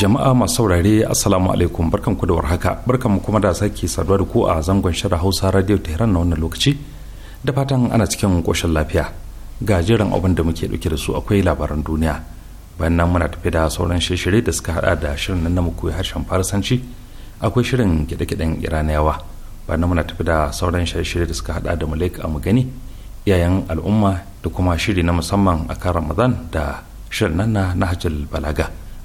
jama'a masu saurare assalamu alaikum barkan ku da warhaka barkan mu kuma da sake saduwa da ku a zangon shirin hausa radio tehran na wannan lokaci da fatan ana cikin koshin lafiya ga jiran abin da muke dauke da su akwai labaran duniya bayan nan muna tafi da sauran shirye da suka hada da shirin nan na koyi harshen farsanci akwai shirin gide-giden iraniyawa bayan muna tafi da sauran shirye da suka hada da malik amugani iyayen al'umma da kuma shiri na musamman a kan ramadan da shirin nan na hajjal balaga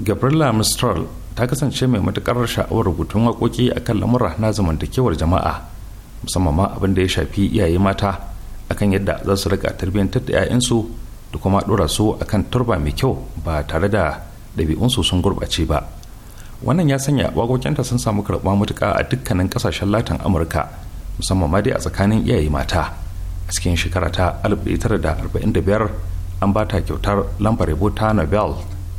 gabriela mistral ta kasance mai matukar sha'awar rubutun waƙoƙi a kan lamura na zamantakewar jama'a musamman ma abin da ya shafi iyaye mata akan yadda za su riga tarbiyyantar da 'ya'yansu da kuma ɗora su akan turba mai kyau ba tare da ɗabi'unsu sun gurɓace ba wannan ya sanya waƙoƙinta sun samu karɓa matuƙa a dukkanin ƙasashen latin amurka musamman ma dai a tsakanin iyaye mata a cikin shekara ta 1945 an ba ta kyautar lambar rubuta nobel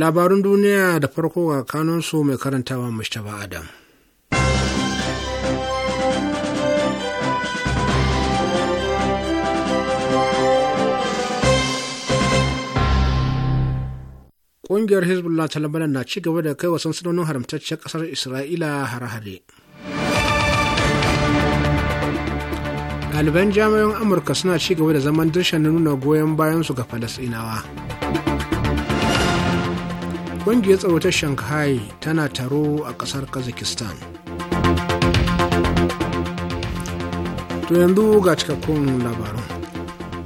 labarun duniya da farko ga su mai karantawa mustapha adam ƙungiyar hezbollah ta labanan na ci gaba da kai wa sansanonin haramtacciyar ƙasar isra'ila hare-hare ɗaliban jami'an amurka suna ci gaba da zaman dirshan nuna goyon bayansu ga falasɗinawa Ƙungiyar tsaro ta Shanghai tana taro a ƙasar Kazakhstan. To yanzu ga cikakkun labarun.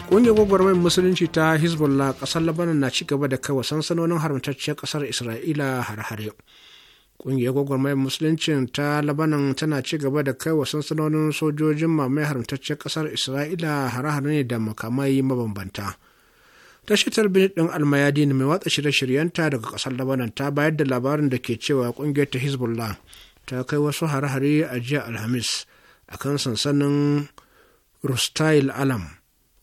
Ƙungiyar gwagwarmayar musulunci ta Hezbollah ƙasar Lebanon na ci gaba da kawo sansanonin haramtacciyar ƙasar Isra'ila har-hare. Ƙungiyar gwagwarmayar musulunci ta Lebanon tana ci gaba da wa sansanonin sojojin mamaye haramtacciyar ƙasar Isra'ila har-hare ne da makamai mabambanta. Tashar talbijin ɗin almayadin mai watsa shirye-shiryenta daga ƙasar Labanan ta bayar da labarin da ke cewa ƙungiyar ta Hezbollah ta kai wasu hare-hare a jiya Alhamis a kan sansanin Rustail Alam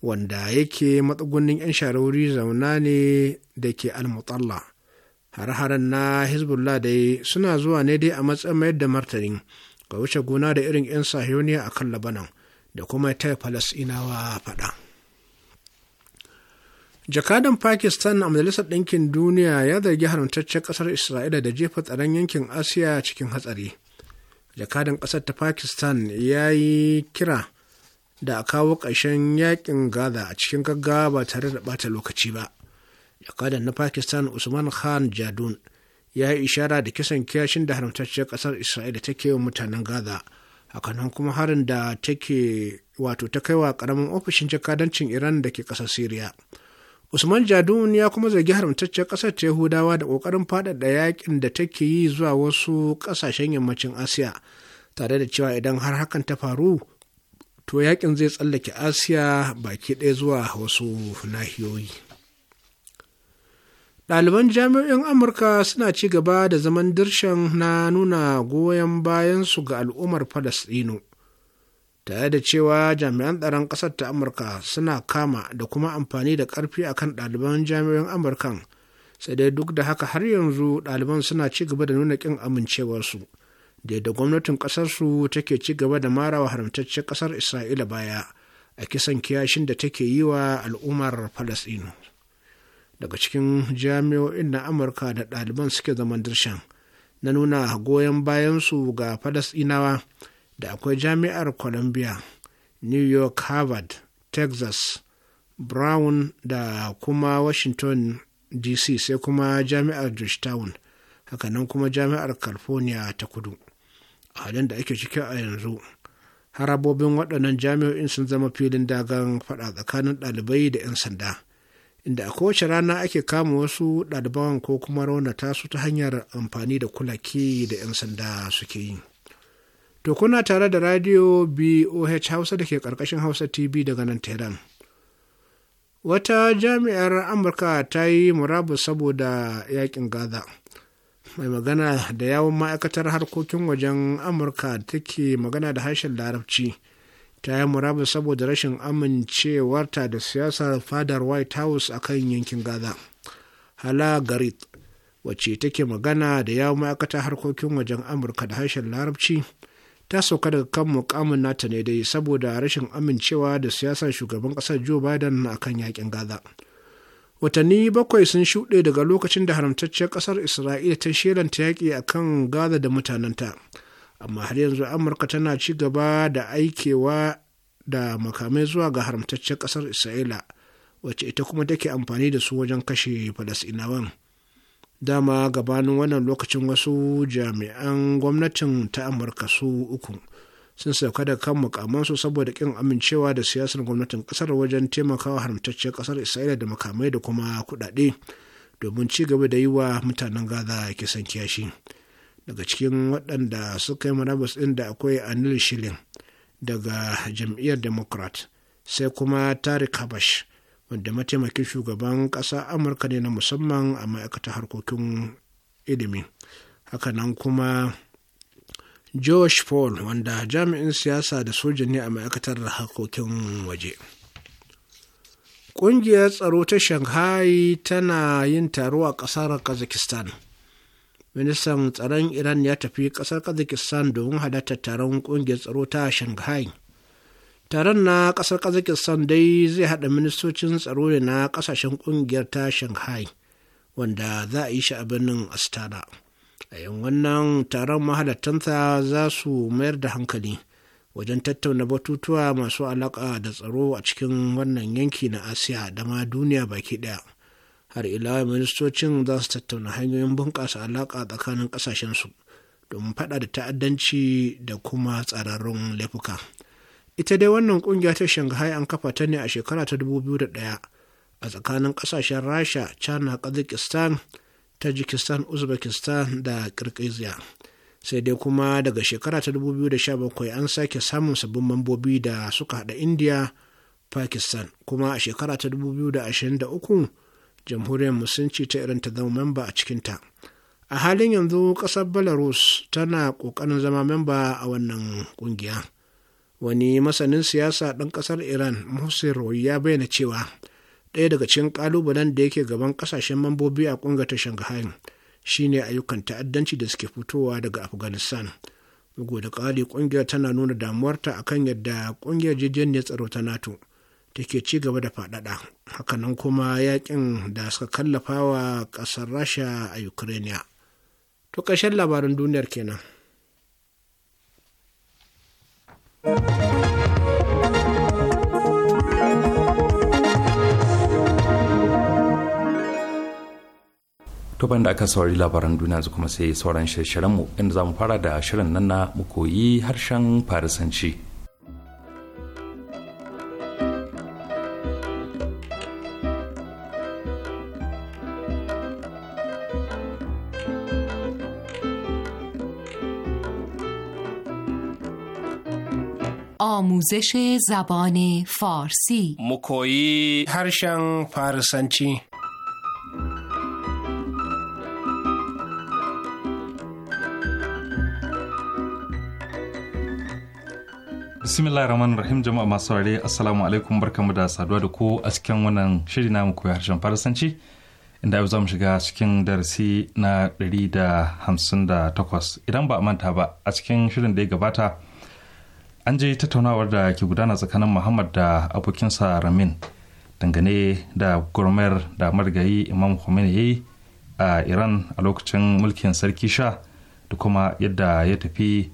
wanda yake matsugunin 'yan sharori zauna ne da ke almutalla. Hare-haren na Hezbollah dai suna zuwa ne dai a matsayin mayar da martanin ga wuce gona da irin 'yan sahiyoniya a kan Labanan da kuma taya Falasinawa faɗa. jakadan pakistan a majalisar ɗinkin duniya ya zargi haramtaccen ƙasar isra'ila da jefa tsaron yankin asiya cikin hatsari jakadan ƙasar ta pakistan ya yi kira da a kawo ƙarshen yakin gaza a cikin gaggawa ba tare da bata lokaci ba jakadan na pakistan usman khan jadun ya yi ishara da kisan kiyashin da haramtaccen ƙasar isra'ila take wa mutanen gaza hakanan kuma harin da wato ta kai wa ƙaramin ofishin jakadancin iran da ke ƙasar syria usman jadun ya kuma zargi haramtaccen ƙasar ta yahudawa da ƙoƙarin faɗaɗa yaƙin da take yi zuwa wasu ƙasashen yammacin asiya tare da cewa idan har hakan ta faru to yaƙin zai tsallake asiya baki ɗaya zuwa wasu nahiyoyi ɗaliban jami'o'in amurka suna ci gaba da zaman dirshan na nuna goyon bayansu ga al'ummar falasɗinu tare da cewa jami'an tsaron ƙasar ta amurka suna kama da kuma amfani da ƙarfi kan ɗaliban jami'an amurkan sai dai duk da haka har yanzu ɗaliban suna ci gaba da nuna ƙin amincewarsu da yadda gwamnatin ƙasarsu take ci gaba da marawa haramtaccen ƙasar isra'ila baya a kisan kiyashin da take yi wa al'ummar falasɗinu daga cikin jami'o'in na amurka da ɗaliban suke zaman dirshan na nuna goyon bayansu ga falasɗinawa da akwai jami'ar columbia new york harvard texas brown da kuma washington dc sai kuma jami'ar georgetown hakanan kuma jami'ar california ta kudu a halin da ake ciki a yanzu harabobin waɗannan jami'o'in sun zama filin dagan faɗa tsakanin ɗalibai da 'yan sanda inda a kowace rana ake kama wasu ɗaliban ko kuma raunata su ta hanyar amfani da kulaki da 'yan sanda suke yi To kuna tare da radio BOH Hausa da ke ƙarƙashin Hausa TV daga nan Tehran. Wata jami'ar Amurka ta yi murabus saboda yakin Gaza. Mai magana da yawon ma'aikatar harkokin wajen Amurka take magana da harshen Larabci. Ta yi murabus saboda rashin amincewarta da siyasar fadar White House a kan yankin Gaza. Hala Garit, wacce take magana da yawon ma'aikatar harkokin wajen Amurka da harshen Larabci. ta sauka daga kan mukamin nata ne dai saboda rashin amincewa da siyasar shugaban ƙasar joe biden a kan yakin gaza watanni bakwai sun shuɗe daga lokacin da haramtacciyar ƙasar isra'ila ta shelanta yaƙi a kan gaza da mutanenta amma har yanzu amurka tana ci gaba da aikewa da makamai zuwa ga haramtacciyar ƙasar isra'ila wacce ita kuma take amfani da su wajen kashe falasinawan dama gabanin wannan lokacin wasu jami'an gwamnatin ta amurka su uku sun sauka da kan mukamansu saboda kin amincewa da siyasar gwamnatin kasar wajen taimakawa haramtacciyar kasar isra'ila da makamai da kuma kudade domin ci gaba da yi wa mutanen gaza kisan kiyashi daga cikin waɗanda suka yi marabas ɗin da akwai anil shilin daga jam'iyyar democrat sai kuma tarik habash wanda mataimakin shugaban ƙasa amurka ne na musamman a ma'aikatar harkokin ilimi hakanan kuma george paul wanda jami'in siyasa da soja ne a ma'aikatar harkokin waje ƙungiyar tsaro ta shanghai tana yin taro a ƙasar kazakistan ministan tsaron iran ya tafi ƙasar kazakistan domin hada taron ƙungiyar tsaro ta shanghai taron na ƙasar kazakistan dai zai haɗa ministocin tsaro ne na ƙasashen ƙungiyar ta shanghai wanda za a yi shi a birnin astana a yin wannan taron mahalattanta za su mayar da hankali wajen tattauna batutuwa masu alaƙa da tsaro a cikin wannan yanki na asiya da ma duniya baki ɗaya har ila ministocin za su tattauna hanyoyin bunƙasa alaƙa tsakanin su domin faɗa da ta'addanci da kuma tsararrun laifuka. ita dai wannan kungiya ta shanghai an kafa ta ne a shekara ta 2001 a tsakanin kasashen rasha china kazakistan tajikistan uzbekistan da kirgiziya sai dai kuma daga shekara ta 2017 an sake samun sabbin mambobi da suka hada india pakistan kuma a shekara ta 2023 jamhuriyar musulunci ta irin ta zama memba a cikinta a halin yanzu kasar belarus tana kokarin zama memba a wannan kungiya. wani masanin siyasa ɗan ƙasar iran muhsin royi ya bayyana cewa ɗaya daga cikin ƙalubalen da yake gaban ƙasashen mambobi a ƙungar ta shanghai shine ayyukan ta'addanci da suke fitowa daga afghanistan bugu da ƙari ƙungiyar tana nuna damuwarta a kan yadda ƙungiyar jijiyar tsaro ta nato take ci gaba da faɗaɗa hakanan kuma yaƙin da suka kallafa wa ƙasar rasha a ukraine to ƙarshen labarin duniyar kenan tuban da aka saurari labaran duniya su kuma sai sauran shirye-shiryenmu inda za mu fara da shirin nan na mu koyi harshen farisanci. آموزش زبان فارسی مکویی هرشن فارسنچی bismillah rahman rahim jama'a masu saurare assalamu alaikum barkamu da saduwa da ku a cikin wannan shiri namu koyi harshen farasanci inda yau za mu shiga cikin darasi na da da 158 idan ba a manta ba a cikin shirin da ya gabata an je tattaunawar da ke gudana tsakanin muhammad da abokinsa ramin dangane da gurmayar da marigayi imam khomeini ya a iran a lokacin mulkin sarki sha da kuma yadda ya tafi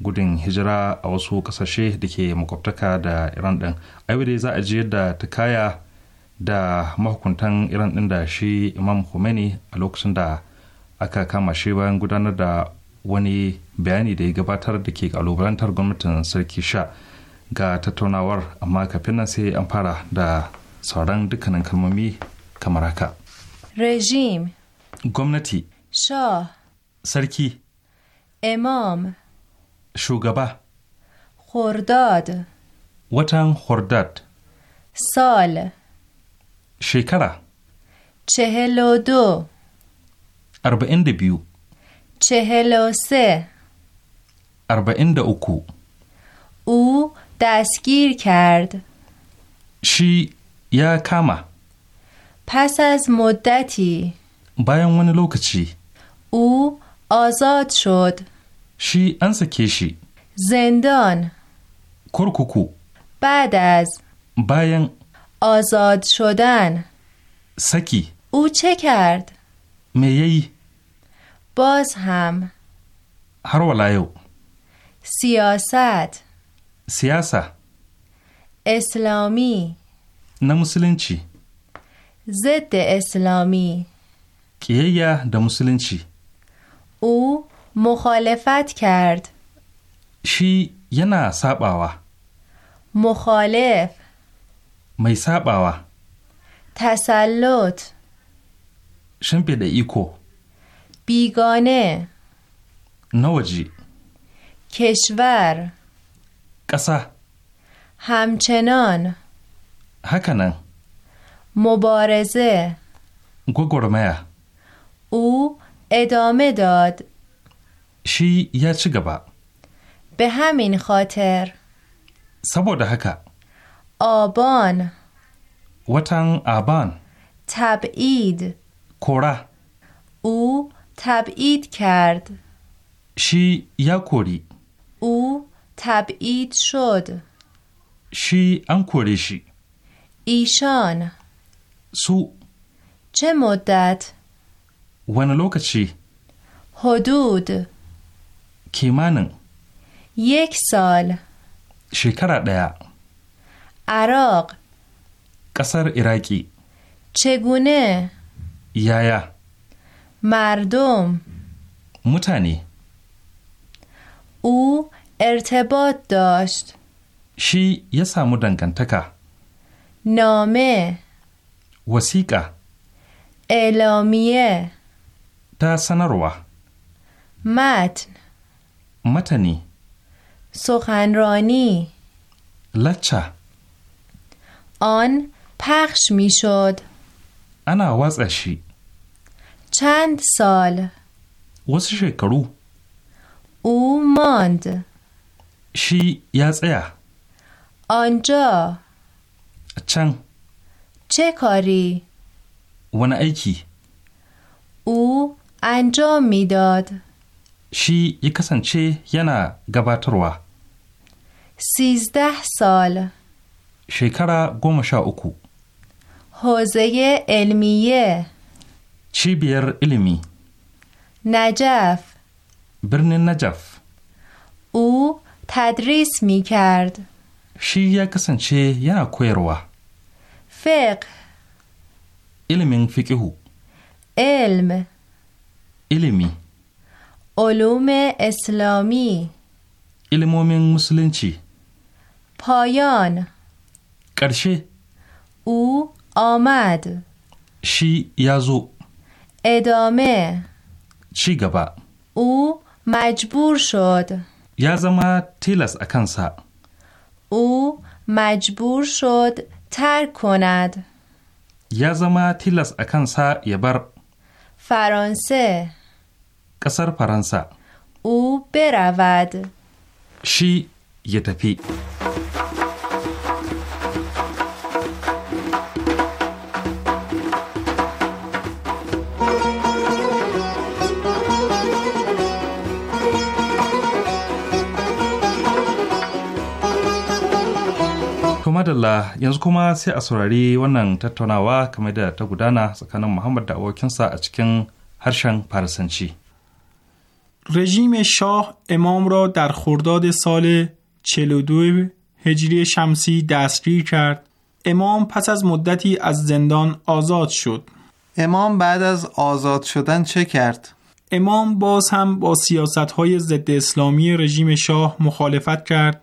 gudun hijira a wasu kasashe da ke makwabtaka da iran din dai za a je yadda ta kaya da mahukuntan iran din da shi imam khomeini a lokacin da aka kama shi bayan gudanar da wani bayani da ya gabatar da ke kalubalantar gwamnatin sarki sha ga tattaunawar amma kafin nan sai an fara da sauran dukkanin kalmomi kamar haka. Regime Gwamnati sha Sarki Imam Shugaba Hordad Watan Hordad Sal Shekara cehelodo Arba'in da biyu چهل و اوکو او دستگیر کرد شی یا کما پس از مدتی باین ونی لوکچی او آزاد شد شی انسا کشی زندان کرکوکو بعد از باین آزاد شدن سکی او چه کرد میهی باز هم هر ولایو سیاست سیاسه اسلامی نه چی؟ ضد اسلامی کیه ده چی؟ او مخالفت کرد شی ینا سابوا مخالف می ساباوا تسلط شنبه ده ایکو بیگانه نوجی کشور قصه همچنان هکنن مبارزه گوگرمه او ادامه داد شی یا چی گبا به همین خاطر سبود هکا آبان وطن آبان تبعید کره او تبعید کرد شی یکوری او تبعید شد شی انکوریشی ایشان سو چه مدت ون لوکچی حدود کیمانن یک سال شکر دیا عراق قصر ایراکی چگونه یا. مردم متنی او ارتباط داشت شی یه سامو دنگنتکا نامه وسیقه اعلامیه تا سنروا متن متنی سخنرانی لچه آن پخش میشد انا وزشی چند سال واسه شکرو او ماند شی یا تسیا آنجا چن چه کاری ون ایکی او انجام میداد شی یا کسانچه ینا گباتروا سیزده سال شکر گم شا اکو حوزه علمیه بیر علمی؟ نجف برن نجف او تدریس می کرد شی یا چه یا کویروا فقه علم فقه علم علمی علوم اسلامی علم مسلم چی؟ پایان کرشه او آمد شی یازو ادامه چی گبا او مجبور شد یا تیلس اکنسا او مجبور شد ترک کند یا زما تیلس اکنسا یبر فرانسه قصر فرانسه او برود شی یتفی madalla yanzu kuma sai a saurari wannan tattaunawa kamar da ta gudana tsakanin Muhammad da abokinsa a cikin harshen Farisanci. رژیم شاه امام را در خرداد سال 42 هجری شمسی دستگیر کرد امام پس از مدتی از زندان آزاد شد امام بعد از آزاد شدن چه کرد؟ امام باز هم با سیاست های ضد اسلامی رژیم شاه مخالفت کرد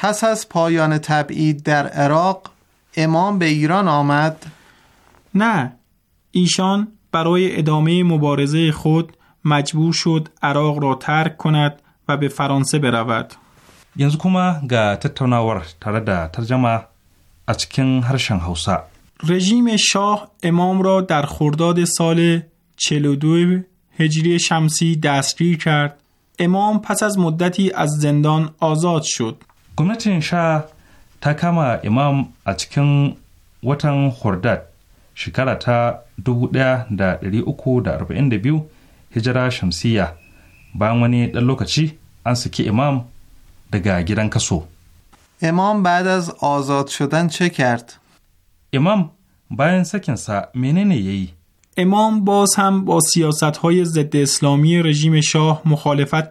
پس از پایان تبعید در عراق امام به ایران آمد؟ نه ایشان برای ادامه مبارزه خود مجبور شد عراق را ترک کند و به فرانسه برود. رژیم شاه امام را در خرداد سال 42 هجری شمسی دستگیر کرد. امام پس از مدتی از زندان آزاد شد. gwamnatin sha ta kama imam a cikin watan hordad shekara ta 1342 hijira shamsiya bayan wani ɗan lokaci an saki imam daga gidan kaso imam bayan az shudan ce imam bayan sakinsa menene ya yi امام باز هم با سیاست های ضد rejim رژیم شاه مخالفت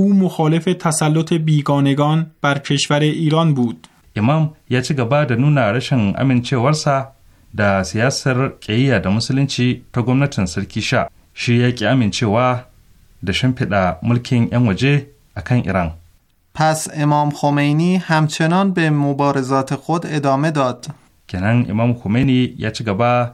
او مخالف تسلط بیگانگان بر کشور ایران بود. امام یا ci gaba da nuna rashin amincewarsa da siyasar ƙiyayya da musulunci ta gwamnatin sarki sha shi ya ki amincewa da shimfiɗa mulkin 'yan waje a kan ایران پس امام خمینی همچنان به مبارزات خود ادامه داد. کنن امام خمینی یا چه گبا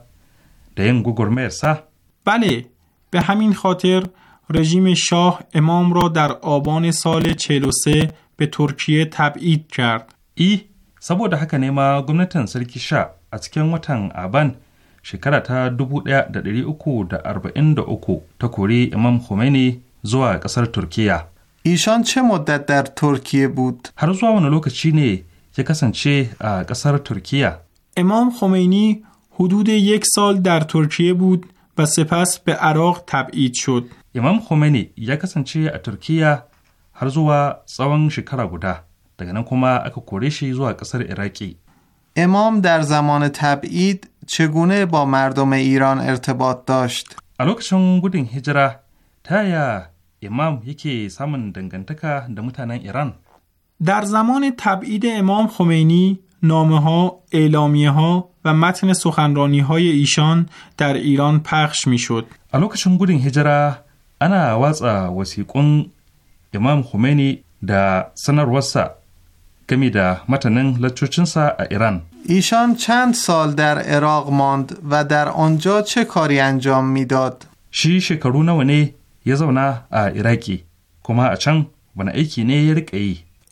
ده این ارسا بله به همین خاطر رژیم شاه امام را در آبان سال 43 به ترکیه تبعید کرد. ای سبود حکر نما گمنتن سرکی شا از کن آبان شکره تا دوبو اکو اکو تا کوری امام خمینی زوا قصر ترکیه. ایشان چه مدت در ترکیه بود؟ هر روز و نلوک چی نی چه چه قصر ترکیه؟ امام خمینی حدود یک سال در ترکیه بود و سپس به عراق تبعید شد امام خمینی یا کسانچه ترکیه هر زوا سوان شکر گودا دیگه کما اکا کوریشی زوا قصر عراقی امام در زمان تبعید چگونه با مردم ایران ارتباط داشت؟ الوکشون گودین هجره تایا امام یکی سامن دنگنتکا دمتانه ایران در زمان تبعید امام خمینی نامه ها، اعلامیه ها و متن سخنرانی های ایشان در ایران پخش می شد. a گودین gudun انا ana watsa امام خمینی Khomeini سنر sanarwarsa کمی da متنن لچوچنسا a ایران. ایشان چند سال در عراق ماند و در آنجا چه کاری انجام میداد؟ شی شکرونه و نه یا ایراکی ا عراقی کما ا و ونه ایکی نه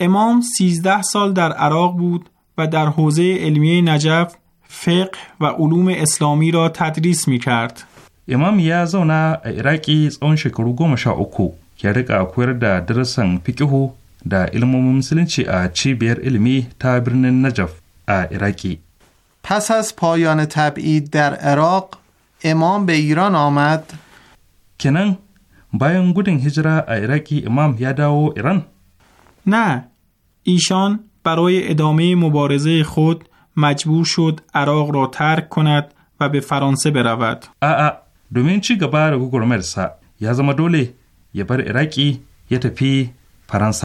امام 13 سال در عراق بود و در حوزه علمیه نجف فقه و علوم اسلامی را تدریس می کرد. امام یا ایراکی عراقی اون شکر goma sha که ya rika koyar درسن پیکهو fikihu علم و musulunci چی cibiyar ilimi ta birnin پس از پایان تبعید در عراق امام به ایران آمد کنن بایان گودن هجرا عراقی امام یاداو ایران نه ایشان برای ادامه مبارزه خود مجبور شد عراق را ترک کند و به فرانسه برود. ا دومین چی گبار گوگل یا زما دولی یه بر عراقی یه تپی فرانسه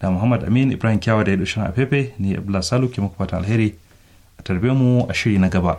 da muhammad amin ibrahim kyawa da ya dushin a fefe ni abdullahi salu ke muku fata alheri a tarbe mu a shiri na gaba.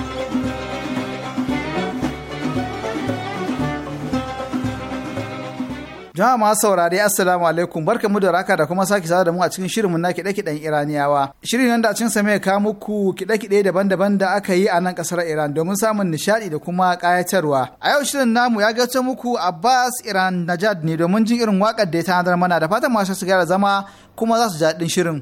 jama'a masu saurare assalamu alaikum barka mu da raka da kuma sake sada da mu a cikin shirinmu na kiɗe-kiɗen iraniyawa shirin nan da a cin sa mai ka muku kiɗe-kiɗe daban-daban da aka yi a nan ƙasar iran domin samun nishaɗi da kuma kayatarwa. a yau shirin namu ya gaci muku abbas iran najad ne domin jin irin wakar da ya tanadar mana da fatan masu su gyara zama kuma za su ji daɗin shirin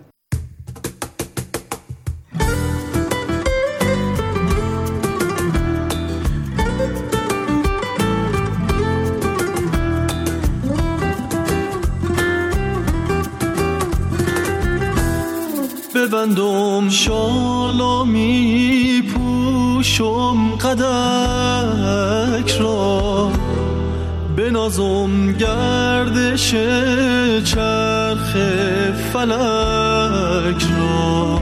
میبندم شالا پوشم قدک را به نازم گردش چرخ فلک را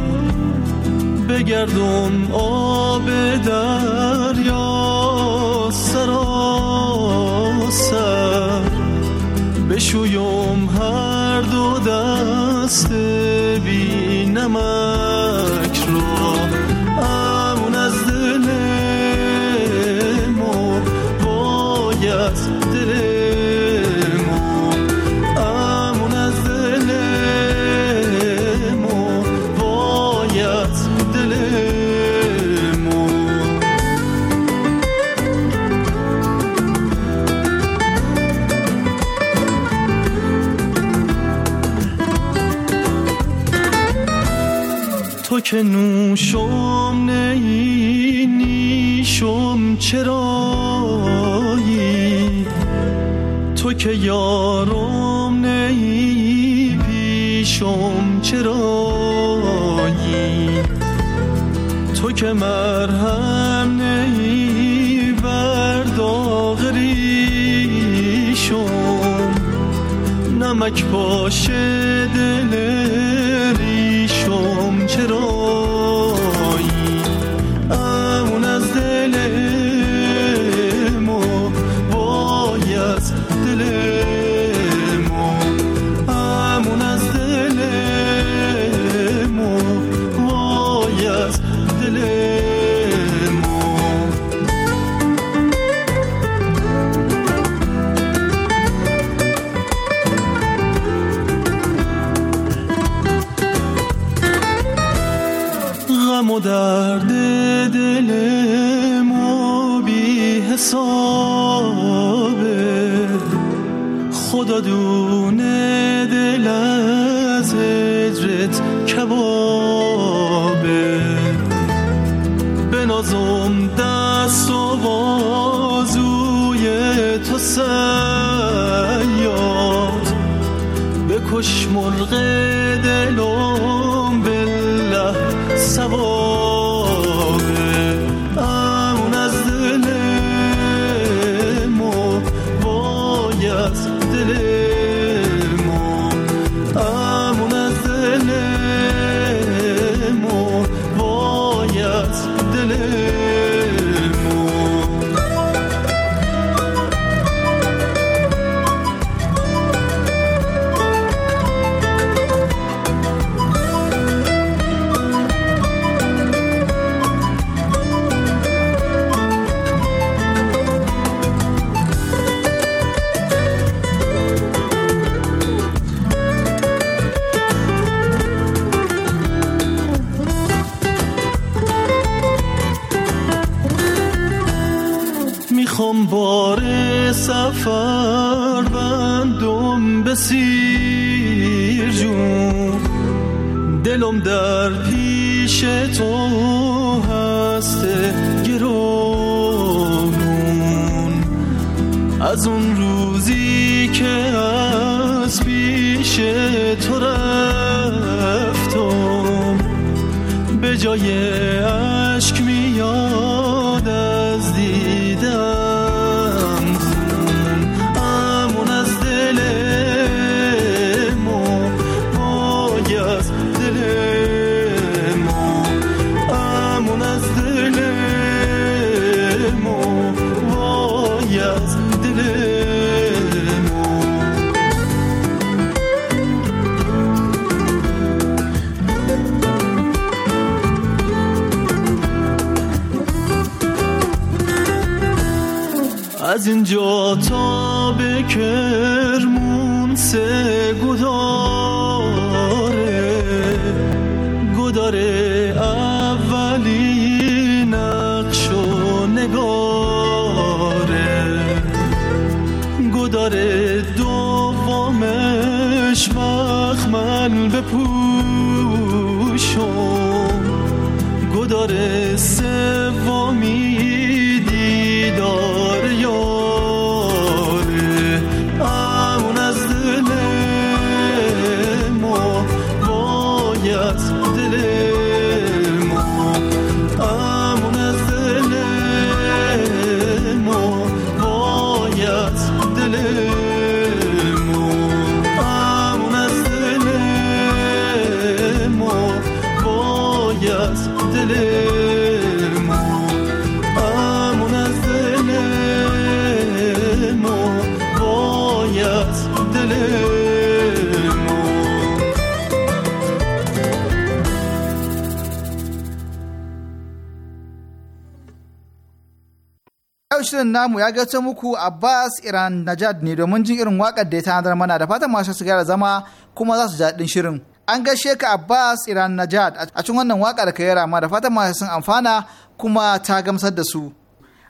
بگردم آب دریا سر بشویم هر دو دسته mama که نوشم نی نیشم چرایی تو که یارم نی پیشم چرایی تو که مرهم بر نمک باشه دل should all حساب خدا دونه دل از هجرت کبابه به نازم دست و بازوی تو سیاد بکش ya muku Abbas Iran Najad ne domin jin irin waƙar da ya tanadar mana da fatan masu su gyara zama kuma za su ji daɗin shirin. An gaishe ka Abbas Iran Najad a cikin wannan waƙa da ka yi rama da fatan masu sun amfana kuma ta gamsar da su.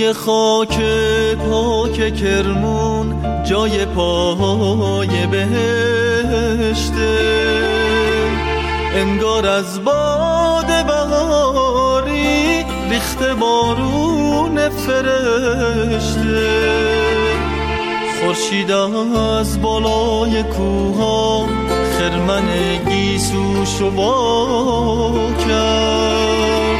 روی خاک پاک کرمون جای پاهای بهشته انگار از باد بهاری ریخت بارون فرشته خورشید از بالای کوها خرمن گیسو و کرد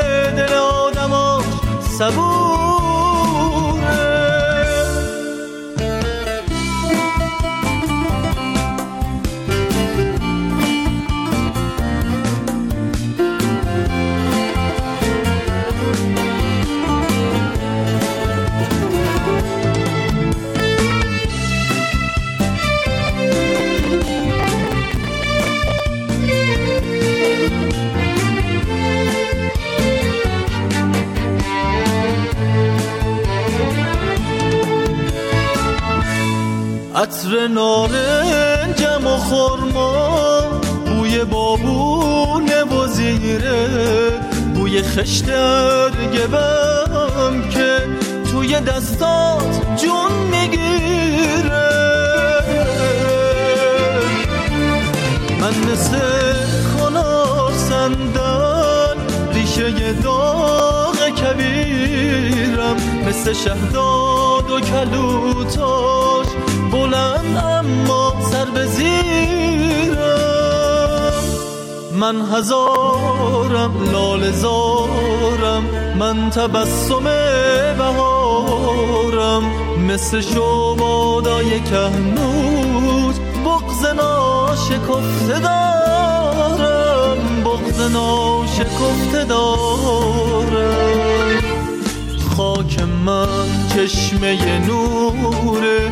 دل آدماش صبور عطر نارنجم و خورما بوی بابونه و زیره بوی خشت گبم که توی دستات جون میگیره من مثل کنار سندن ریشه داغ کبیرم مثل شهداد و کلوتا بلند اما سر به زیرم من هزارم لال زارم من تبسم بهارم مثل شبادای نور بغز ناشکفته دارم بغز ناشکفته دارم خاک من چشمه نوره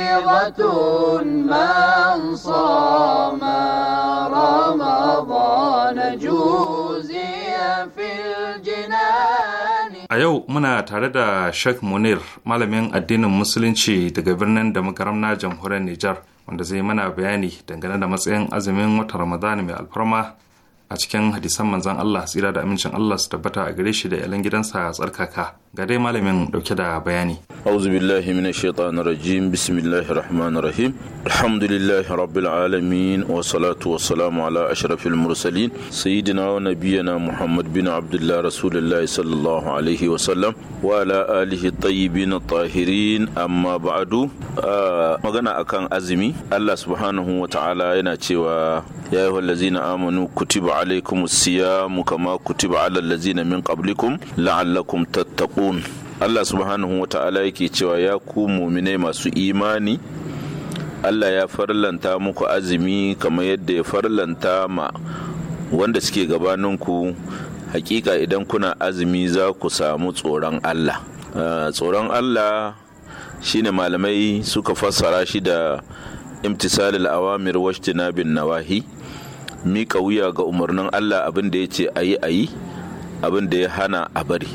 نعمة من صام رمضان جوزيا في الجنان A yau muna tare da Sheikh Munir, malamin addinin Musulunci daga birnin da na jamhuriyar Nijar, wanda zai mana bayani dangane da matsayin azumin wata Ramadan mai alfarma a cikin hadisan manzan Allah tsira da amincin Allah su tabbata a gare shi da yalan gidansa a tsarkaka. Ga dai malamin dauke da bayani. أعوذ بالله من الشيطان الرجيم بسم الله الرحمن الرحيم الحمد لله رب العالمين والصلاة والسلام على أشرف المرسلين سيدنا ونبينا محمد بن عبد الله رسول الله صلى الله عليه وسلم وعلى آله الطيبين الطاهرين أما بعد magana akan azumi Allah subhanahu wa ta'ala yana cewa ya yi wallazina amanu kutiba alaikum siyamu kama kutiba alal lazina min qablikum la'allakum tattaqun Allah subhanahu wa ta'ala yake cewa ya ku muminai masu imani Allah ya farlanta muku azumi kamar yadda ya farlanta ma wanda suke gabaninku hakika idan kuna azumi za ku samu tsoron Allah ah, tsoron Allah shine malamai suka fassara shi da imtisalil awamir washtina bin nawahi mika wuya ga umarnin Allah abin da ya ce a yi a yi abin da ya hana a bari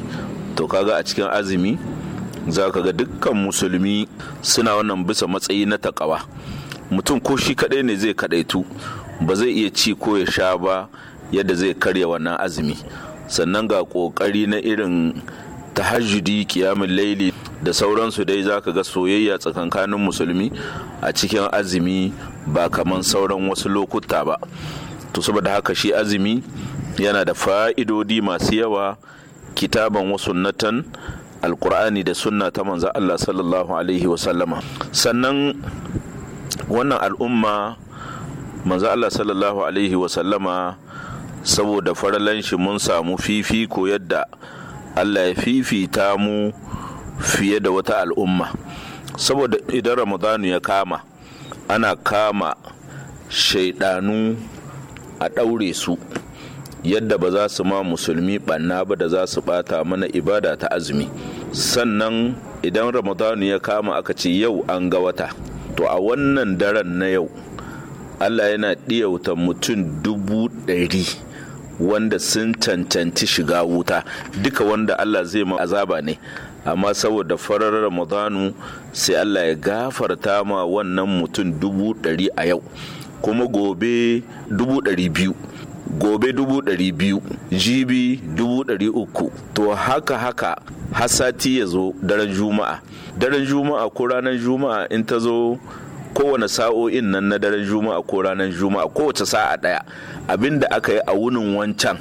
to kaga a cikin azumi za ka ga dukkan musulmi suna wannan bisa matsayi na takawa mutum ko shi kadai ne zai kadaitu ba zai iya ci ko ya sha ba yadda zai karya wannan azumi sannan ga kokari na irin tahajjudi kiyamun laili da sauransu dai za ka ga soyayya tsakankanin musulmi a cikin azumi ba kamar sauran wasu lokuta ba to saboda haka shi azumi yana da fa'idodi masu yawa kitaban wasu alkur'ani da sunna ta manzan Allah sallallahu alaihi wasallama sannan wannan al'umma manzan Allah sallallahu alaihi wasallama saboda faralan shi mun samu fifiko yadda Allah ya fifita mu fiye da wata al'umma saboda idan ramadanu ya kama ana kama shaidanu a ɗaure su yadda ba za su ma musulmi banna ba da za su bata mana ibada ta azumi sannan idan ramadanu ya kama aka ce yau an ga wata to a wannan daren na yau allah yana ɗiyauta mutum dubu ɗari wanda sun cancanci shiga wuta duka wanda allah zai ma azaba ne amma saboda farar ramadanu sai allah ya gafarta ma wannan mutum dubu ɗari a yau kuma gobe dubu ɗari biyu gobe dubu dari biyu jibi dubu dari uku to haka haka hasati ya zo daren juma'a daren juma'a ko ranar juma'a in ta zo kowane sa'o'in nan na daren juma'a ko ranar juma'a kowace sa'a ɗaya abinda aka yi a wunin wancan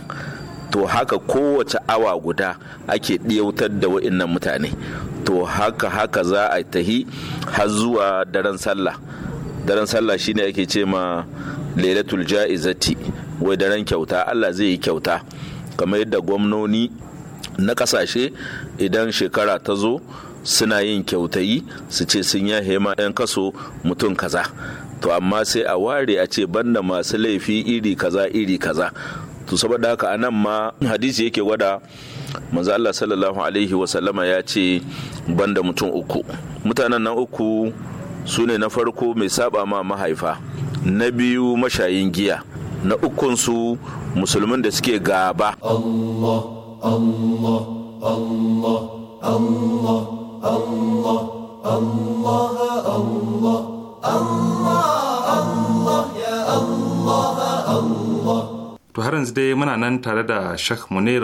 to haka kowace awa guda ake ɗiyautar da wa'innan mutane to haka haka za a tahi har zuwa daren sallah daren sallah shine ake ce ma lailatul ja'izati wai daren kyauta Allah zai yi kyauta kamar yadda gwamnoni na kasashe idan shekara ta zo suna yin kyautayi su ce sun ya hema 'yan kaso mutum kaza to amma sai a ware a ce banda masu laifi iri kaza iri kaza to saboda haka anan ma hadisi yake gwada manzo Allah sallallahu alaihi wasallama ya ce banda mutum uku mutanen nan uku su ne na farko mai saba ma mahaifa na biyu mashayin giya na ukunsu musulmin da suke gaba Allah Allah Allah Allah Allah Allah Allah Allah to har yanzu dai muna nan tare da Sheikh Munir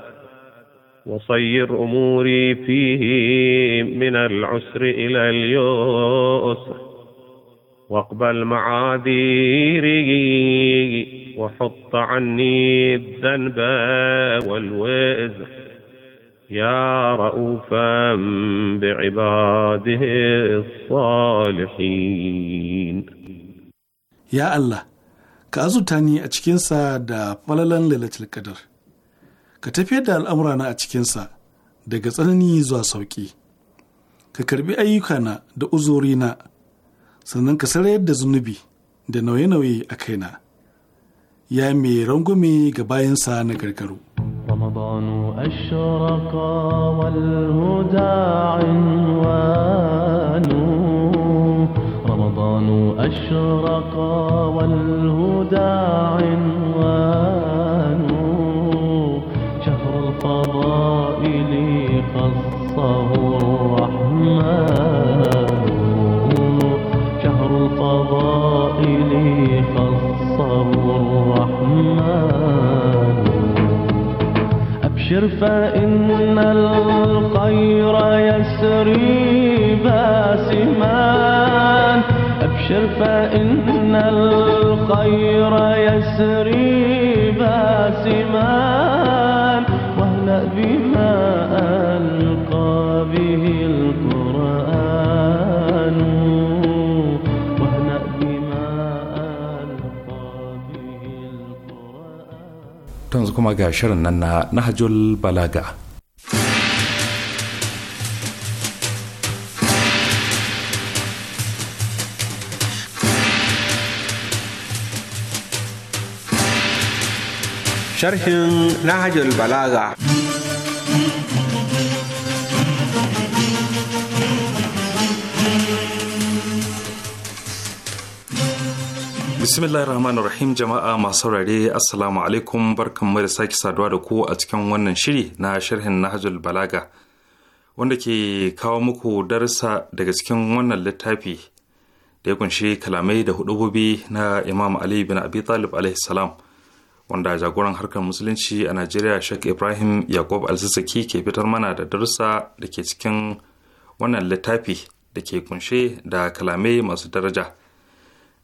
وصير أموري فيه من العسر إلى اليسر واقبل معاذيري وحط عني الذنب والوزر يا رؤوفا بعباده الصالحين يا الله كأزو تاني أتشكين a cikinsa ليلة القدر ka tafiyar da al'amurana a cikinsa daga tsanani zuwa sauƙi ka karbi ayyukana da uzurina sannan ka sarayar da zunubi da nauye-nauye a kaina ya mai rangume ga bayansa na gargaru رمضان أشرق والهدى عنوان الفضائل خصه الرحمن شهر الفضائل خصه الرحمن أبشر فإن الخير يسري باسمان أبشر فإن الخير يسري باسمان بما ألقى به القرآن واهنأ بما ألقى به القرآن تنزكم أجاشر أننا نهج البلاغة sharhin nahajul balaga Bismillahirrahmanirrahim rahim jama'a masu saurare assalamu alaikum barkanmu da sake saduwa da ku a cikin wannan shiri na sharhin nahjul balaga wanda ke kawo muku darsa daga cikin wannan littafi da ya kunshi kalamai da hudubobi na imam ali bin abi talib alaihi salam wanda jagoran harkar musulunci a najeriya sheikh ibrahim yakub alzizaki ke fitar mana da darsa da ke cikin wannan littafi da ke kunshe da kalamai masu daraja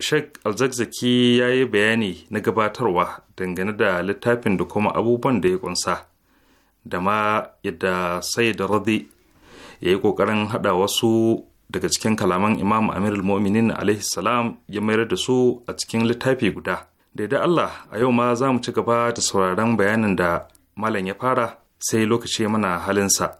Sheikh Alzakzaki ya yi bayani na gabatarwa dangane da littafin da kuma abubuwan da ya kunsa, da ma yadda sai da radi ya yi ƙoƙarin haɗa wasu daga cikin kalaman Imam Amir al-Mu'minin salam ya mayar da su a cikin littafi guda. da Allah a yau ma za mu ci gaba da sauraron bayanin da Malam ya fara sai lokaci mana halinsa.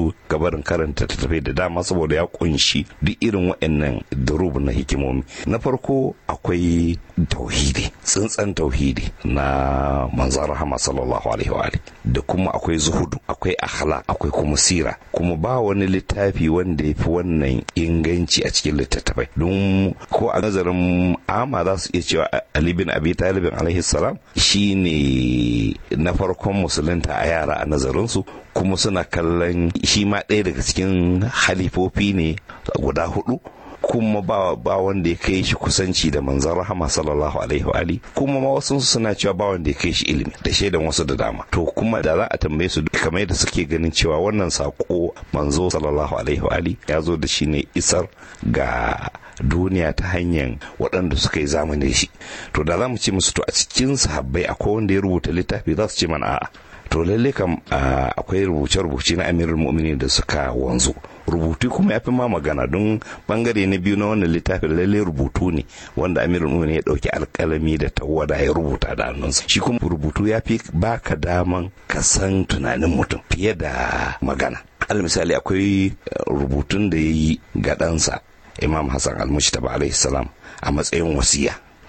gabarin karanta tattafai da dama saboda ya kunshi duk irin waɗannan durub na hikimomi na farko akwai tauhidi tsintsan tauhidi na manzan rahama sallallahu alaihi wa da kuma akwai zuhudu akwai akhla akwai kuma sira kuma ba wani littafi wanda ya fi wannan inganci a cikin littattafai don ko a nazarin ama za su iya cewa ali bin abi talibin alaihi salam shine na farkon musulunta a yara a nazarin su. kuma suna kallon shi ma ɗaya daga cikin halifofi ne guda hudu kuma ba wanda ya kai shi kusanci da manzon rahama sallallahu alaihi wa ali kuma ma wasu suna cewa ba wanda ya kai shi ilimi da shaidan wasu da dama to kuma da za a tambaye su kamar da suke ganin cewa wannan sako manzo sallallahu alaihi wa ali ya zo da shi ne isar ga duniya ta hanyar waɗanda suka yi zamani shi to da za mu ce musu to a cikin sahabbai akwai wanda ya rubuta littafi za su ce mana a'a to lalle kam ah, akwai rubuce-rubuce na amirul mu'minin da suka wanzu rubutu kuma ya fi ma magana don bangare na biyu na wannan littafin lalle rubutu ne wanda amir ya dauki alkalami da tawada ya rubuta da hannunsa shi kuma rubutu ya fi baka daman ka san tunanin mutum fiye da magana al misali akwai eh, rubutun da ya yi ga ɗansa imam hassan almushtaba alaihi salam a matsayin wasiya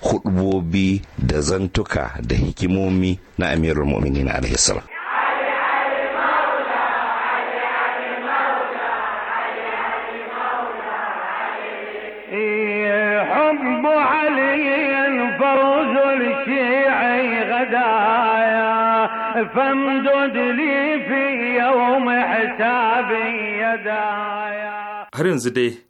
hudubobi da zantuka da hikimomi na amirul mu'minin alaihi salam حب علي har yanzu dai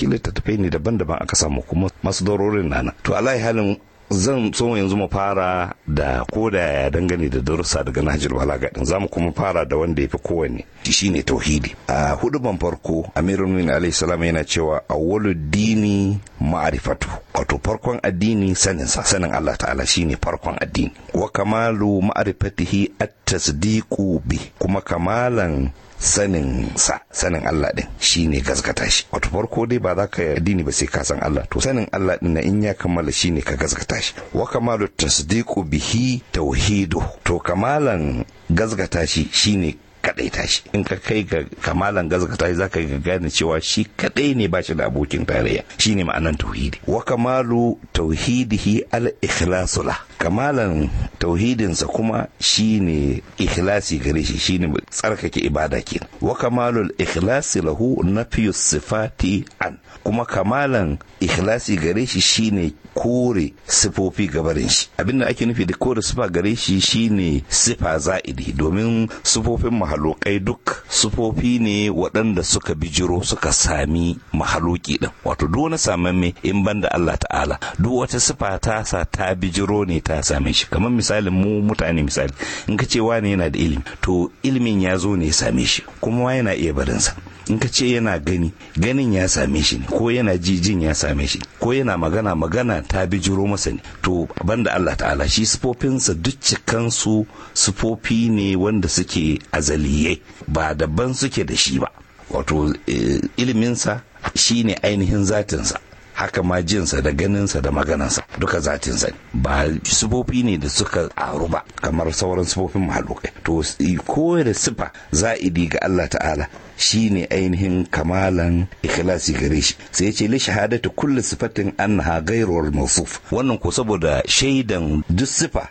cikin littattafai ne daban-daban aka samu kuma masu dororin nan to alayi halin zan so yanzu mu fara da koda ya dangane da darussa daga nahjul balaga din zamu kuma fara da wanda yafi kowanne shine tauhidi a huduban farko amirul mu'minin alaihi salam yana cewa awwalu dini ma'rifatu wato farkon addini sanin sa sanin Allah ta'ala shine farkon addini wa kamalu ma'rifatihi at-tasdiqu bi kuma kamalan sanin sa sanin Allah din shine gaskata shi wato farko dai ba za ka yi addini ba sai ka san Allah to sanin Allah din na in ya kammala ne ka gaskata shi wa kamalu tasdiqu bihi tauhidu to kamalan gaskata shi shine Kaɗai tashi in ka kai ga kamalan gazaka tashi zaka ga gane cewa shi kaɗai ne ba shi da abokin tarayya shi ne ma'anan tauhidi wa kamalu tauhidihi al ikhlasula kamalan tauhidinsa kuma shi ne ikhlasi gare shi shi ne tsarkake ibada ke wa kamalu ikhlasi lahu nafiyus sifati an kuma kamalan ikhlasi gare shi shi ne. kore sifofi gabarin shi da ake nufi da kore sifa gare shi shine sifa za'idi domin sifofin mahalokai duk sifofi ne waɗanda suka bijiro suka sami mahaloki din wato duk wani samamme in ban da Allah ta'ala duk wata sifa ta sa ta bijiro ne ta same shi kamar misalin mu mutane misali in ka ce wane yana da ilimi to ilimin ya zo ne ya same shi kuma yana iya barinsa in ka ce yana gani ganin ya same shi ne ko yana jijin ya same shi ko yana magana magana ta bijiro masa ne to banda Allah ta'ala shi sufofinsa duk cikansu sufofi ne wanda suke azaliye ba daban suke da shi ba wato eh, iliminsa shine ainihin zatinsa haka ma jinsa da ganinsa da maganansa duka zatin ne ba sifofi ne da suka aru ba kamar sauran sifofin mahalukai to kowane sifa za'idi ga Allah ta'ala shi ne ainihin kamalan ikhlasi gare shi sai ya ce li shahadatu kulli sifatin annaha ghairu al-mawsuf wannan ko saboda shaidan duk sifa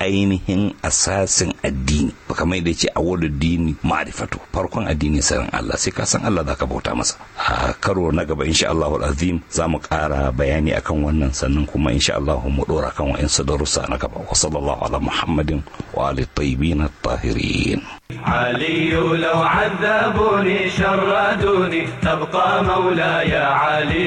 ainihin asasin addini kamar da ce a wadda dini farkon addini sanin Allah sai ka san Allah za ka bauta masa a karo na gaba insha Allah azim za mu ƙara bayani akan wannan sannan kuma insha Allah mu dora kan wa'insu darussa na gaba wa sallallahu ala muhammadin wa ali tayyibin tahirin علي لو عذبوني شردوني تبقى مولاي علي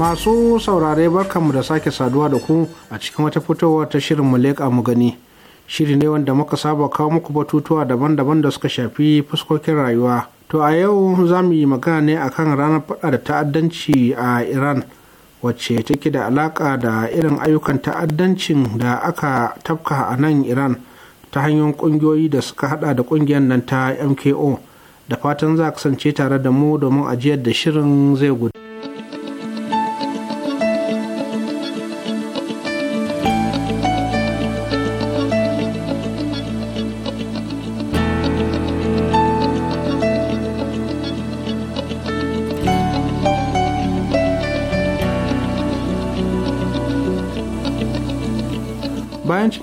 Masu saurare barkanmu da sake saduwa da ku a cikin wata fitowar ta shirin Muleka mu gani. Shiri ne wanda muka saba kawo muku batutuwa daban-daban da suka shafi fuskokin rayuwa. To a yau za mu yi magana ne akan ranar faɗa da ta'addanci a Iran wacce take da alaƙa da irin ayyukan ta'addancin da aka tafka a nan Iran ta hanyoyin ƙungiyoyi da suka hada da ƙungiyar nan ta MKO. Da fatan za kasance tare da mu domin ajiyar da shirin zai gudu.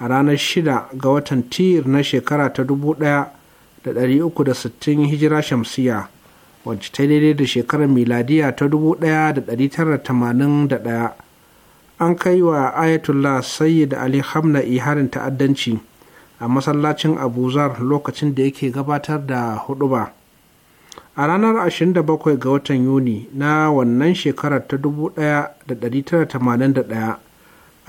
a ranar 6 ga watan tir na shekara ta 1360 hijira shamsiya wacce ta daidai da shekarar miladiya ta 1981 an kai wa ayatollah sayyid ali hamna'i iharin ta'addanci a masallacin abuzar lokacin da yake gabatar da huduba a ranar 27 ga watan yuni na wannan shekarar ta 1981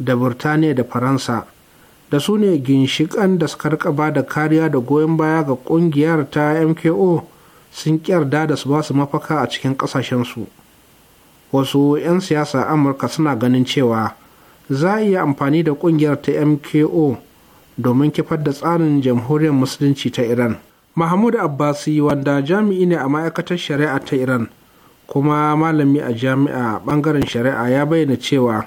da burtaniya da faransa da su ne ginshikan da suka ba da kariya da goyon baya ga kungiyar ta mko sun kyarda da su ba su mafaka a cikin kasashensu wasu 'yan siyasa amurka suna ganin cewa za a iya amfani da kungiyar ta mko domin kifar da tsarin jamhuriyar musulunci ta iran mahmud abbasi wanda jami'i ne a ma'aikatar shari'a ta iran kuma malami a jami'a bangaren shari'a ya bayyana cewa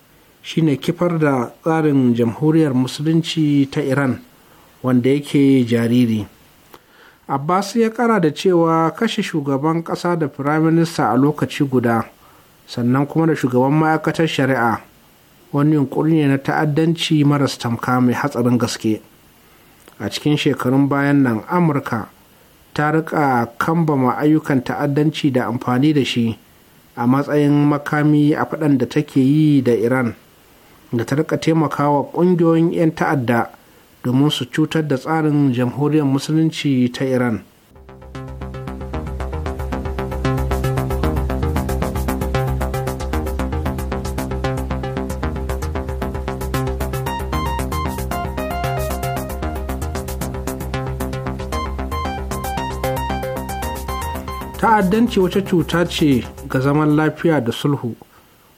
shine kifar da tsarin jamhuriyar musulunci ta iran wanda yake jariri abbas ya kara da cewa kashe shugaban kasa da firaminista a lokaci guda sannan kuma da shugaban ma'aikatar shari'a wani yunkuri ne na ta'addanci maras tamka mai hatsarin gaske a cikin shekarun bayan nan amurka ta rika kambama ayyukan ta'addanci da amfani da shi a matsayin makami a faɗan da take yi da iran da ta rika taimakawa ƙungiyoyin 'yan ta'adda domin su cutar da tsarin jamhuriyar musulunci ta iran ta'addanci wata cuta ce ga zaman lafiya da sulhu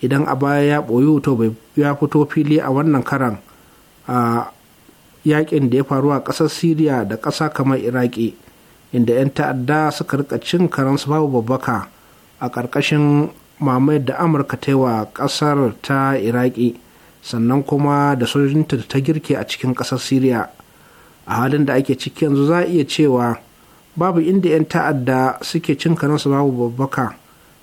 idan a baya ya ɓoyi to bai ya fito fili a wannan karan a yakin da ya faru a ƙasar siriya da ƙasa kamar iraki inda 'yan ta'adda suka rika cin su babu babbaka a ƙarƙashin mamayar da amurka ta yi wa ƙasar ta iraki sannan kuma da sojojinta ta girke a cikin ƙasar siriya a halin da ake ciki yanzu za a iya cewa babu inda 'yan ta'adda suke cin su babu babbaka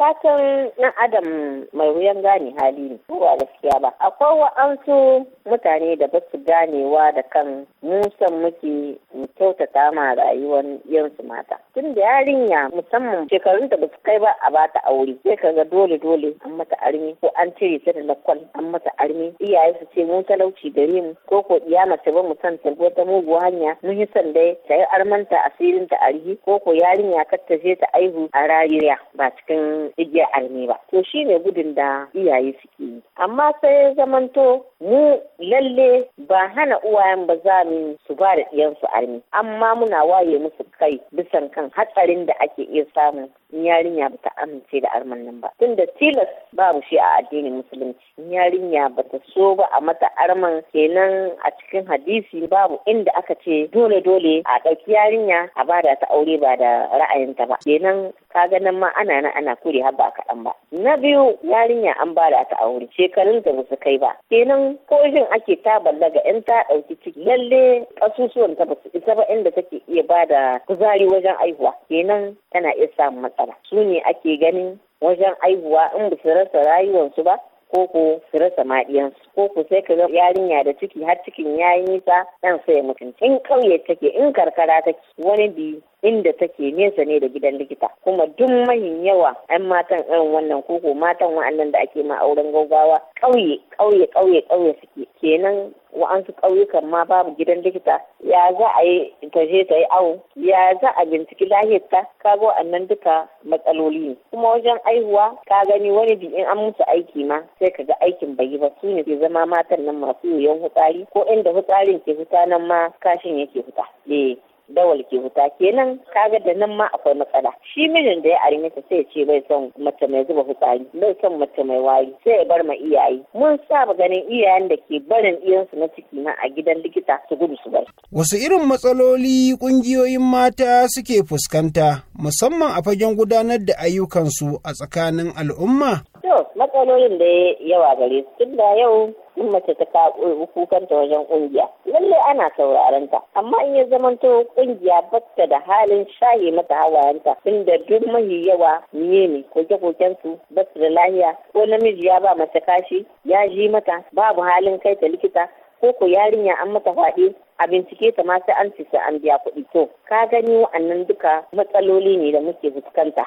fatan na adam mai wuyan gane hali ne ba gaskiya ba akwai wa'ansu mutane da basu ganewa da kan musan muke mu kyautata ma rayuwar yansu mata tun da yarinya musamman shekarun da basu kai ba a bata aure sai ga dole dole an mata armi ko an cire ta da lakwal an mata armi iyaye su ce mun talauci gare mu ko ko iya mace ba mu san ta ta mugu hanya mun yi san dai ta yi armanta asirin ta arihi ko ko yarinya kar ta je ta aihu a rariya ba cikin igiyar almiba ba to shine gudun da iyaye suke yi amma sai zamanto mu lalle ba hana uwayen ba za mu su ba da ɗiyansu armi amma muna waye musu kai bisan kan hatsarin da ake iya samu yarinya ba ta amince da arman nan ba tunda tilas babu shi a addinin musulunci yarinya ba ta so ba a mata arman kenan a cikin hadisi babu inda aka ce dole dole a ɗauki yarinya a bada ta aure ba da ra'ayinta ba kenan ka ganin ma ana nan ana kure har ba kaɗan ba na biyu yarinya an bada ta aure shekarun da ba su kai ba kenan ko jin ake ta ballaga in ta ɗauki ciki lalle asusuwan ta basu isa ba inda take iya ba da kuzari wajen aihuwa kenan tana iya samun matsala su ne ake ganin wajen aihuwa in ba su rasa rayuwansu ba ko ko su rasa maɗiyansu ko ko sai ka ga yarinya da ciki har cikin yayin nisa dan sai mutum in ƙauye take in karkara take wani bi inda take nesa ne da gidan likita kuma duk mahin yawa 'yan matan irin wannan koko matan wa'annan da ake ma auren gaugawa ƙauye ƙauye ƙauye ƙauye suke kenan wa'ansu ƙauyukan ma babu gidan likita ya za a yi ta ta yi awo ya za a binciki lahiyar ta kaga wa'annan duka matsaloli ne kuma wajen aihuwa ka gani wani bi in an musu aiki ma sai ka ga aikin bai yi ba su ne zama matan nan masu yoyon hutsari ko inda hutsarin ke fita nan ma kashin yake fita E! dawal ke huta kenan kaga da nan ma akwai matsala shi mijin da ya arme ta sai ya ce bai son mace mai zuba fitsari bai son mace mai wari sai ya bar ma iyaye mun sa saba ganin iyayen da ke barin iyansu na ciki na a gidan likita su gudu su bar wasu irin matsaloli kungiyoyin mata suke fuskanta musamman a fagen gudanar da ayyukansu a tsakanin al'umma To, matsalolin da ya yawa gare su tun da yau sun mace ta ka ta wajen kungiya. Lalle ana sauraron ta, amma in ya zama zamanto kungiya bata da halin shaye mata hawayenta inda duk mahi yawa niye ne koke-koken su basu da lahiya ko namiji ya ba mace kashi ya ji mata babu halin kai ta likita ko ko yarinya an mata faɗi a bincike ta ma sai an ci an biya kuɗi to ka gani wa'annan duka matsaloli ne da muke fuskanta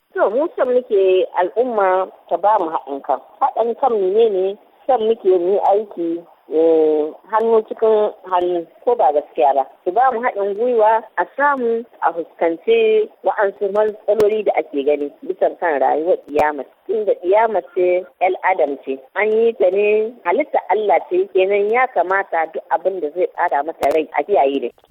so mu san muke al'umma ta ba mu haɗin kan. Haɗin kan ne ne san muke mu aiki eh, hannu cikin hannu ko ba gaskiya ba. Su ba mu haɗin gwiwa a samu a fuskanci wa'ansu matsaloli da ake gani bisa kan rayuwar ƙiyamar. Inda ƙiyamar ce ‘yal Adam ce, an yi ta ne halitta Allah ce kenan ya kamata duk abin da zai ƙara mata rai a kiyaye da shi.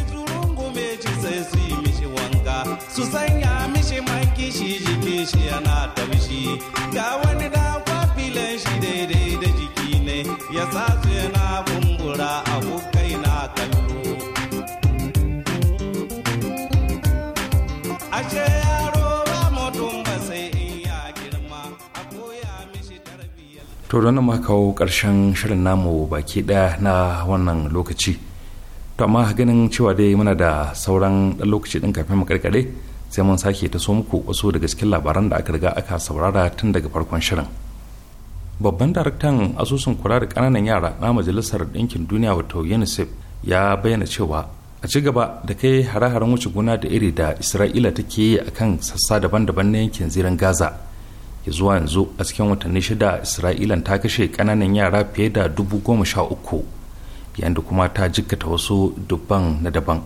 su sanya mishi man kishi jike shi yana taushi ga wani da kwafilan shi daidai da jiki ne ya sa su yana kumbura abokai na kallo ashe yaro ba mutum ba sai in ya girma a koya mishi tarbiyyar to don ma kawo karshen shirin namu baki daya na wannan lokaci to amma ganin cewa dai muna da sauran ɗan lokaci ɗin kafin mu karkare sai mun sake ta so muku wasu daga cikin labaran da aka riga aka saurara tun daga farkon shirin babban daraktan asusun kula da ƙananan yara na majalisar ɗinkin duniya wato unicef ya bayyana cewa a ci gaba da kai hare-haren wuce gona da iri da isra'ila take yi akan sassa daban-daban na yankin zirin gaza ya zuwa yanzu a cikin watanni shida isra'ilan ta kashe ƙananan yara fiye da dubu goma sha uku yayin da kuma ta jikkata wasu dubban na daban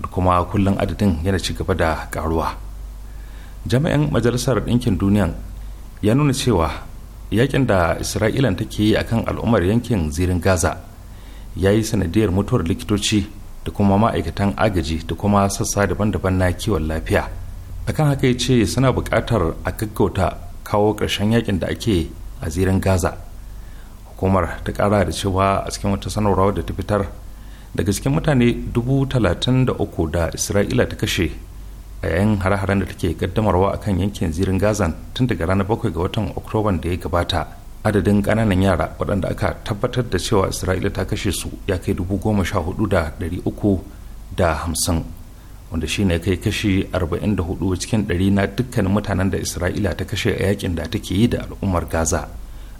da kuma kullum adadin yana ci gaba da karuwa jami'an majalisar ɗinkin duniya ya nuna cewa yakin da isra'ilan take yi akan al'ummar yankin zirin gaza ya yi sanadiyar mutuwar likitoci da kuma ma'aikatan agaji da kuma sassa daban-daban na kiwon lafiya akan haka ya ce suna buƙatar a gaggauta kawo ƙarshen yakin da ake a zirin gaza hukumar ta kara da cewa a cikin wata sanarwa da ta fitar daga cikin mutane dubu talatin da uku da isra'ila ta kashe a yayin hare-haren da take kaddamarwa a kan yankin zirin gazan tun daga ranar bakwai ga watan oktoban da ya gabata adadin kananan yara waɗanda aka tabbatar da cewa isra'ila ta kashe su ya kai dubu goma sha hudu da ɗari uku da hamsin wanda shine kai kashi arba'in da hudu cikin ɗari na dukkanin mutanen da isra'ila ta kashe a yakin da take yi da al'ummar gaza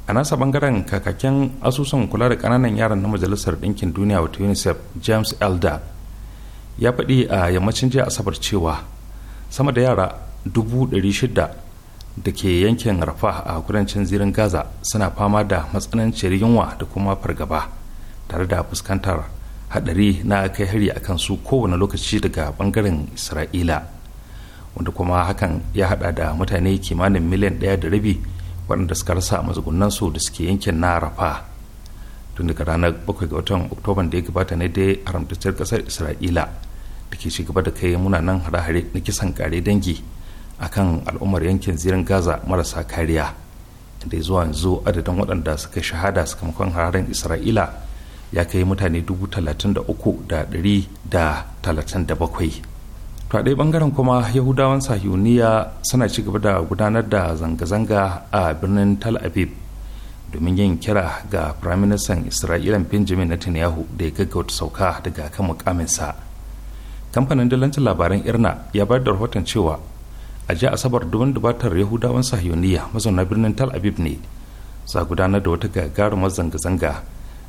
a nasa bangaren kakakken asusun kula da kananan yaran na majalisar ɗinkin duniya wato unicef james elder ya faɗi a yammacin jiya asabar cewa sama da yara dubu shida da ke yankin rafa a kudancin zirin gaza suna fama da matsananciyar yunwa da kuma fargaba tare da fuskantar hadari na kai hari a kansu su kowane lokaci daga bangaren isra'ila wanda kuma hakan ya hada da mutane kimanin miliyan ɗaya da rabi waɗanda suka rasa matsugunan su da suke yankin na rafa tun daga ranar 7 ga watan oktoban da ya gabata ne dai haramtacciyar ƙasar isra'ila da ke shigaba da kai munanan hare-hare na kisan kare dangi a kan al'ummar yankin zirin gaza marasa kariya da zuwa yanzu adadin waɗanda suka shahada sakamakon hararen isra'ila ya kai mutane dubu to a ɗaya ɓangaren kuma yahudawan sahiyuniya suna ci gaba da gudanar da zanga-zanga a birnin tel aviv domin yin kira ga firaministan isra'ila benjamin netanyahu da ya gaggauta sauka daga kan mukaminsa kamfanin dalancin labaran irna ya bayar da rahoton cewa a jiya asabar domin dubatar yahudawan sahiyuniya mazauna birnin tel aviv ne za gudanar da wata gagarumar zanga-zanga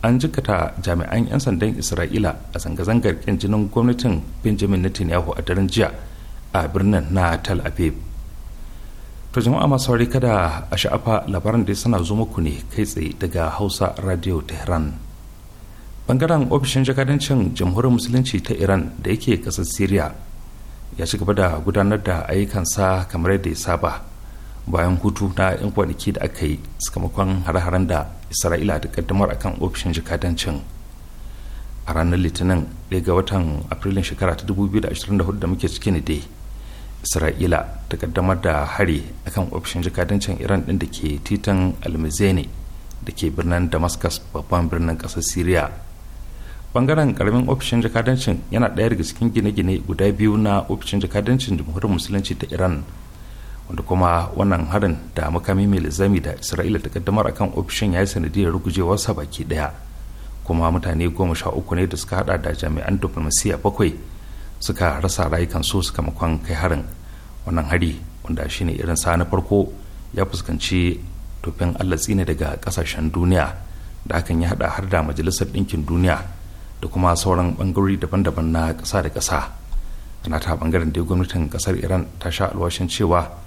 an jikata jami'an 'yan sandan isra'ila a zanga-zangar yan jinin gwamnatin benjamin netanyahu a daren jiya a birnin na tel aviv to jama'a masu saurari kada a sha'afa labaran da suna zo muku ne kai tsaye daga hausa radio tehran bangaren ofishin jakadancin jamhuriyar musulunci ta iran da yake kasar syria ya ci gaba da gudanar da ayyukansa kamar yadda ya saba bayan hutu na 'yan kwanaki da aka yi sakamakon hare-haren da isra'ila ta kaddamar akan ofishin jikadancin a ranar litinin ɗaya ga watan afrilun shekara ta 2024 da muke ciki ne dai isra'ila ta kaddamar da hari akan ofishin jikadancin iran ɗin da ke titan almazene da ke birnin damascus babban birnin ƙasar syria bangaren karamin ofishin jakadancin yana ɗaya daga cikin gine-gine guda biyu na ofishin jakadancin jamhuriyar musulunci ta iran wanda kuma wannan harin da makami mai lizami da isra'ila ta kaddamar akan ofishin ya yi sanadiyar rugujewarsa baki daya kuma mutane goma sha uku ne da suka hada da jami'an diplomasiya bakwai suka rasa rayukansu makon kai harin wannan hari wanda shine irin sa na farko ya fuskanci tufin allah tsini daga kasashen duniya da hakan ya hada har da majalisar ɗinkin duniya da kuma sauran bangarori daban-daban na ƙasa da ƙasa ana ta bangaren dai gwamnatin ƙasar iran ta sha alwashin cewa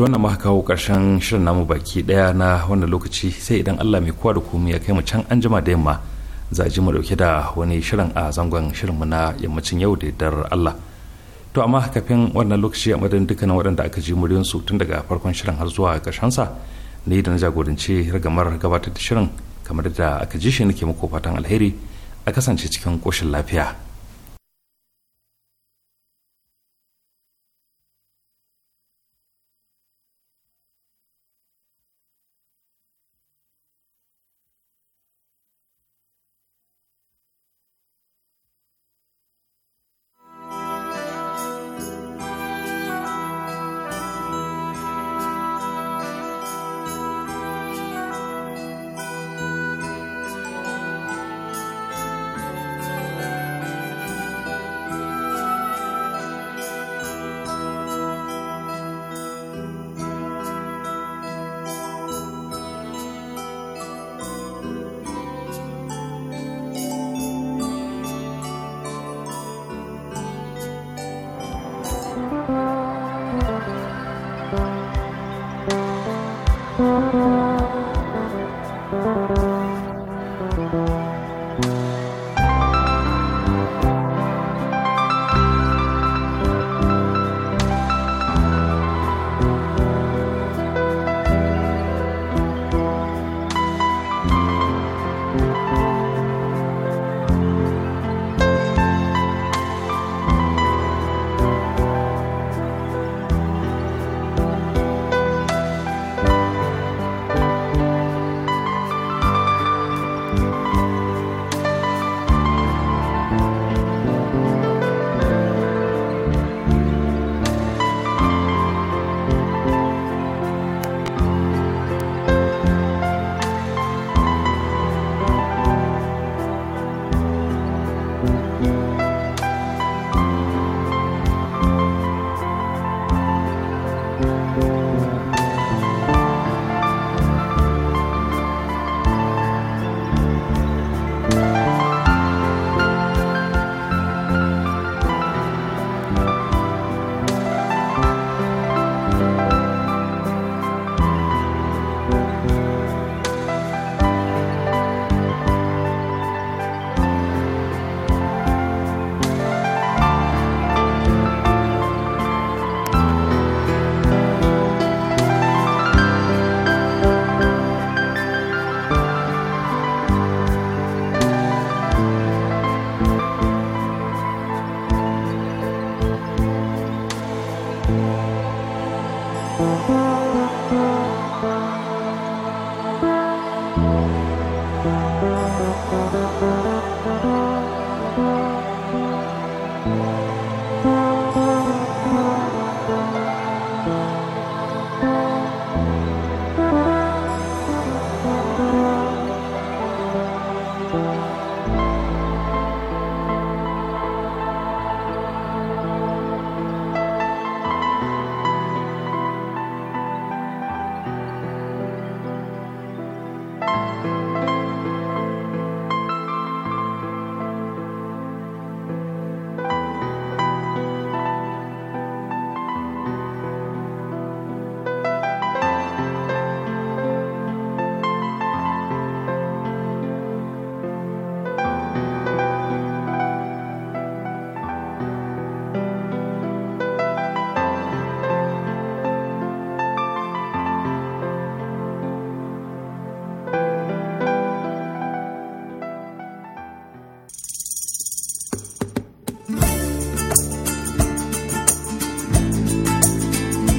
da wannan maka kawo karshen shirin namu baki daya na wannan lokaci sai idan Allah mai kowa da komai ya kai mu can anjima da yamma za ji mu dauke da wani shirin a zangon shirinmu na yammacin yau da dar Allah to amma kafin wannan lokaci a madadin dukkanin waɗanda aka ji muryin su tun daga farkon shirin har zuwa karshen sa ne da na jagoranci ragamar gabatar da shirin kamar da aka ji shi nake muku fatan alheri a kasance cikin koshin lafiya